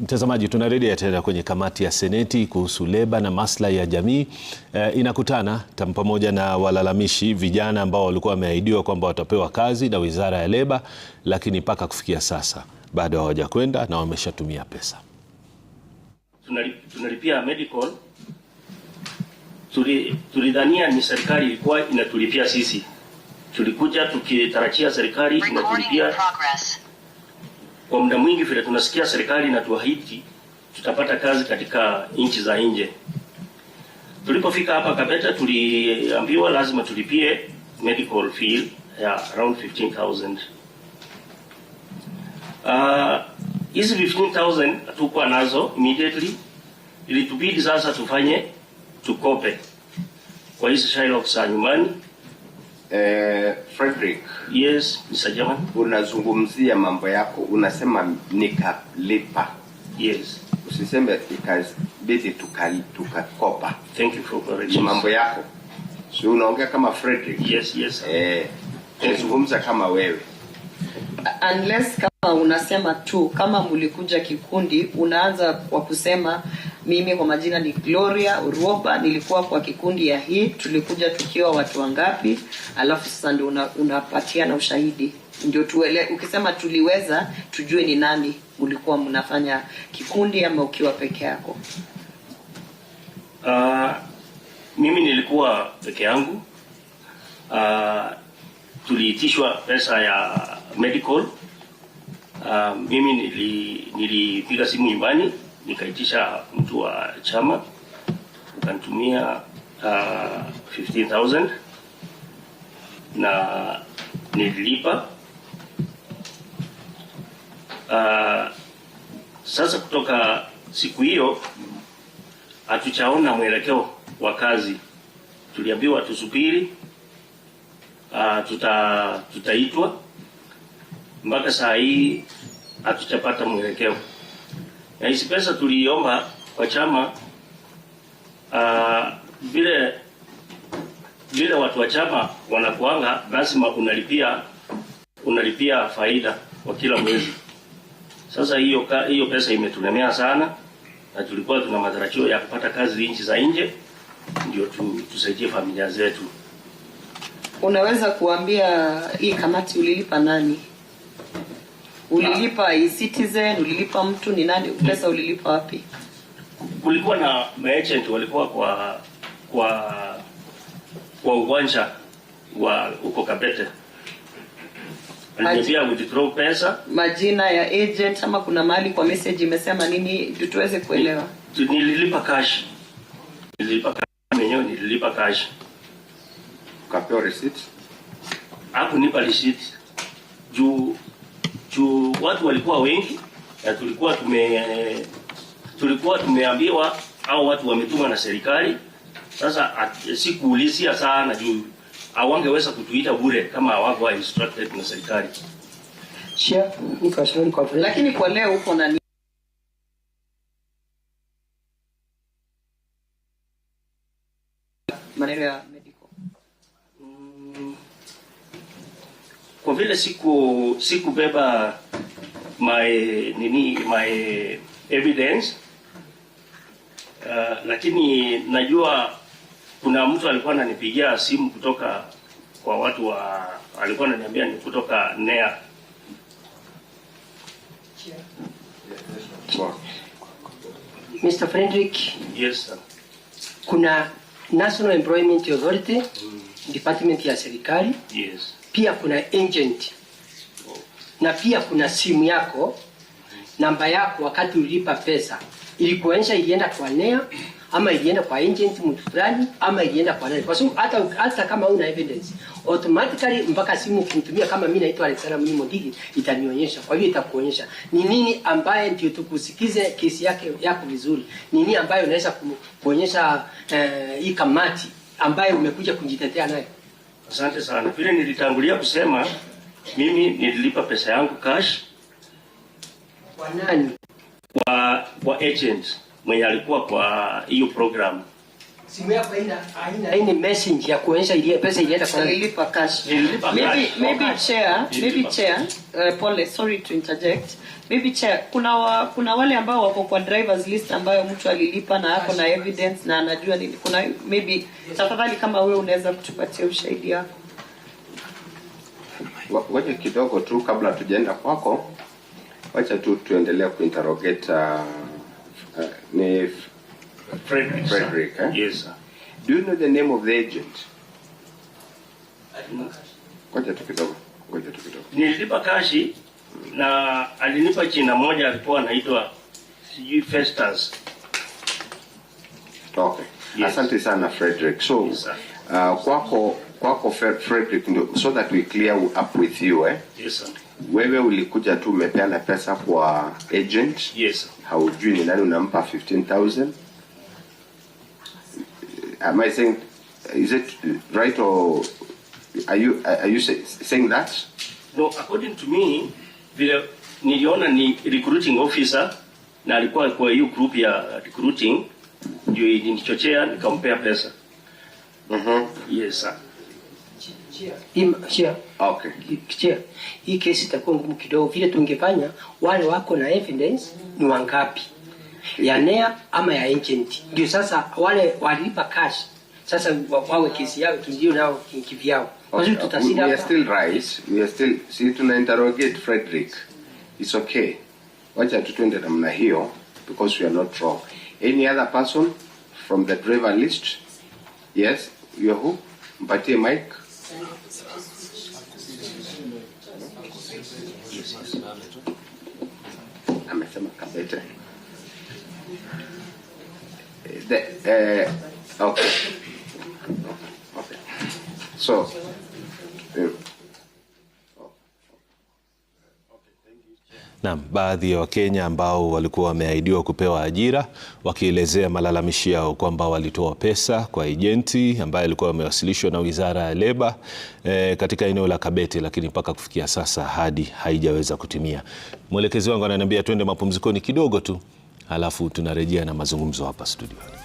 Mtazamaji, tunarejea tena kwenye kamati ya Seneti kuhusu leba na maslahi ya jamii e, inakutana tam pamoja na walalamishi vijana ambao walikuwa wameahidiwa kwamba watapewa kazi na Wizara ya Leba, lakini mpaka kufikia sasa bado hawajakwenda na wameshatumia pesa. Tunalipia medical, tulidhania ni serikali ilikuwa inatulipia sisi, tulikuja tukitarajia serikali inatulipia kwa muda mwingi vile tunasikia serikali inatuahidi tutapata kazi katika nchi za nje. Tulipofika hapa Kabeta, tuliambiwa lazima tulipie medical fee ya around 15000. Ah, Uh, hizi 15000 hatukuwa nazo immediately, ilitubidi sasa tufanye tukope kwa hizi Shilokes za nyumbani Eh, Frederick. Yes, Mr. German. Unazungumzia mambo yako, unasema nikalipa. Yes. Usiseme because tukali tukakopa. Thank you for correction. Mambo yako. Si unaongea kama Frederick. Yes, yes. Eh, unazungumza kama wewe. Unless kama unasema tu kama mlikuja kikundi, unaanza kwa kusema mimi kwa majina ni Gloria Uruopa, nilikuwa kwa kikundi ya hii. Tulikuja tukiwa watu wangapi? Alafu sasa ndio una, unapatia na ushahidi ndio tuele, ukisema tuliweza tujue ni nani ulikuwa mnafanya kikundi ama ukiwa peke yako. Uh, mimi nilikuwa peke yangu. Uh, tuliitishwa pesa ya medical. Uh, mimi nili, nilipiga simu nyumbani nikaitisha mtu wa chama akanitumia uh, 15000 na nililipa. Uh, sasa kutoka siku hiyo hatuchaona mwelekeo wa kazi, tuliambiwa tusubiri, uh, tuta tutaitwa. Mpaka saa hii hatuchapata mwelekeo na hizi pesa tuliiomba kwa chama ah, vile vile watu wa chama wanakuanga lazima unalipia unalipia faida kwa kila mwezi. Sasa hiyo hiyo pesa imetulemea sana, na tulikuwa tuna matarajio ya kupata kazi nchi za nje ndio tu, tusaidie familia zetu. Unaweza kuambia hii kamati ulilipa nani? Ulilipa e-Citizen, ulilipa mtu ni nani? Pesa ulilipa wapi? Kulikuwa na merchant walikuwa kwa kwa kwa uwanja wa uko Kabete. Aliniambia withdraw pesa. Majina ya agent ama kuna mahali kwa message imesema nini tutuweze kuelewa? Nililipa cash. Nililipa cash mwenyewe nililipa cash. Kapewa receipt. Hapo nipa receipt. Juu juu watu walikuwa wengi na tulikuwa tume tulikuwa tumeambiwa au watu wametumwa na serikali. Sasa sikuulizia sana juu awangeweza kutuita bure kama hawakuwa instructed na serikali. Lakini kwa leo uko na maneno ya kwa vile siku sikubeba my nini my evidence uh, lakini najua kuna mtu alikuwa ananipigia simu kutoka kwa watu wa alikuwa ananiambia ni kutoka NEA Mr. Frederick. Yes, sir. Kuna National Employment Authority, mm. Department ya serikali. Yes pia kuna agent na pia kuna simu yako, namba yako wakati ulipa pesa, ilikuonyesha ilienda kwa NEA ama ilienda kwa agent mtu fulani ama ilienda kwa nani. Kwa sababu hata hata kama una evidence automatically, mpaka simu kumtumia, kama mimi naitwa Alexander Mlimo Digi, itanionyesha. Kwa hiyo itakuonyesha ni nini ambaye, ndio tukusikize kesi yake yako vizuri, ni nini ambayo unaweza kuonyesha eh, hii kamati ambayo umekuja kujitetea nayo. Asante sana. Vile nilitangulia kusema mimi nililipa pesa yangu cash kwa nani? Kwa, kwa agent mwenye alikuwa kwa hiyo program simu yako haina haina message ya kuonyesha ile pesa ilienda kwa cash. maybe maybe chair, maybe chair. Uh, pole, sorry to interject. Maybe chair, kuna wa, kuna wale ambao wako kwa drivers list ambayo mtu alilipa na ako na evidence na anajua nini. Kuna maybe tafadhali, kama wewe unaweza kutupatia ushahidi wako. Wacha kidogo tu kabla tujaenda kwako, wacha tu tuendelea kuinterrogate uh, uh, ni Frederick. Frederick eh? Yes, sir. Do you know the name of the agent? Ngoja tu kidogo. Ngoja tu kidogo. Nililipa kashi na alinipa china moja alikuwa anaitwa sijui Festus. Okay. Yes. Asante sana Frederick. So yes, uh, kwako kwako Frederick ndio so that we clear up with you eh? Yes sir. Wewe ulikuja tu umepeana pesa kwa agent. Yes sir. Haujui ni nani unampa 15000 am I saying, is it right or are you, are you say, saying that? No, according to me, vile niliona ni recruiting officer na alikuwa kwa hiyo group ya recruiting ndio ilinichochea nikampea pesa. Mhm. Mm yes sir. Im, chia. Okay. Chia. Hii kesi itakuwa ngumu kidogo, vile tungefanya wale wako na evidence ni wangapi? ya NEA ama ya agent. Ndio sasa wale walipa cash sasa wawe kesi yao tujio nao kivyao. hiyo tutashinda. We are still rise. We are still see to interrogate Frederick. It's okay. Wacha tutwende namna hiyo because we are not wrong. Any other person from the driver list? Yes, you are who? Mpatie mic. Amesema kabete. The, uh, okay. okay. So. Uh, Naam, baadhi ya Wakenya ambao walikuwa wameahidiwa kupewa ajira wakielezea malalamishi yao kwamba walitoa pesa kwa ejenti ambaye alikuwa amewasilishwa na Wizara ya Leba e, eh, katika eneo la Kabete, lakini mpaka kufikia sasa hadi haijaweza kutimia. Mwelekezi wangu ananiambia twende mapumzikoni kidogo tu alafu tunarejea na mazungumzo hapa studio.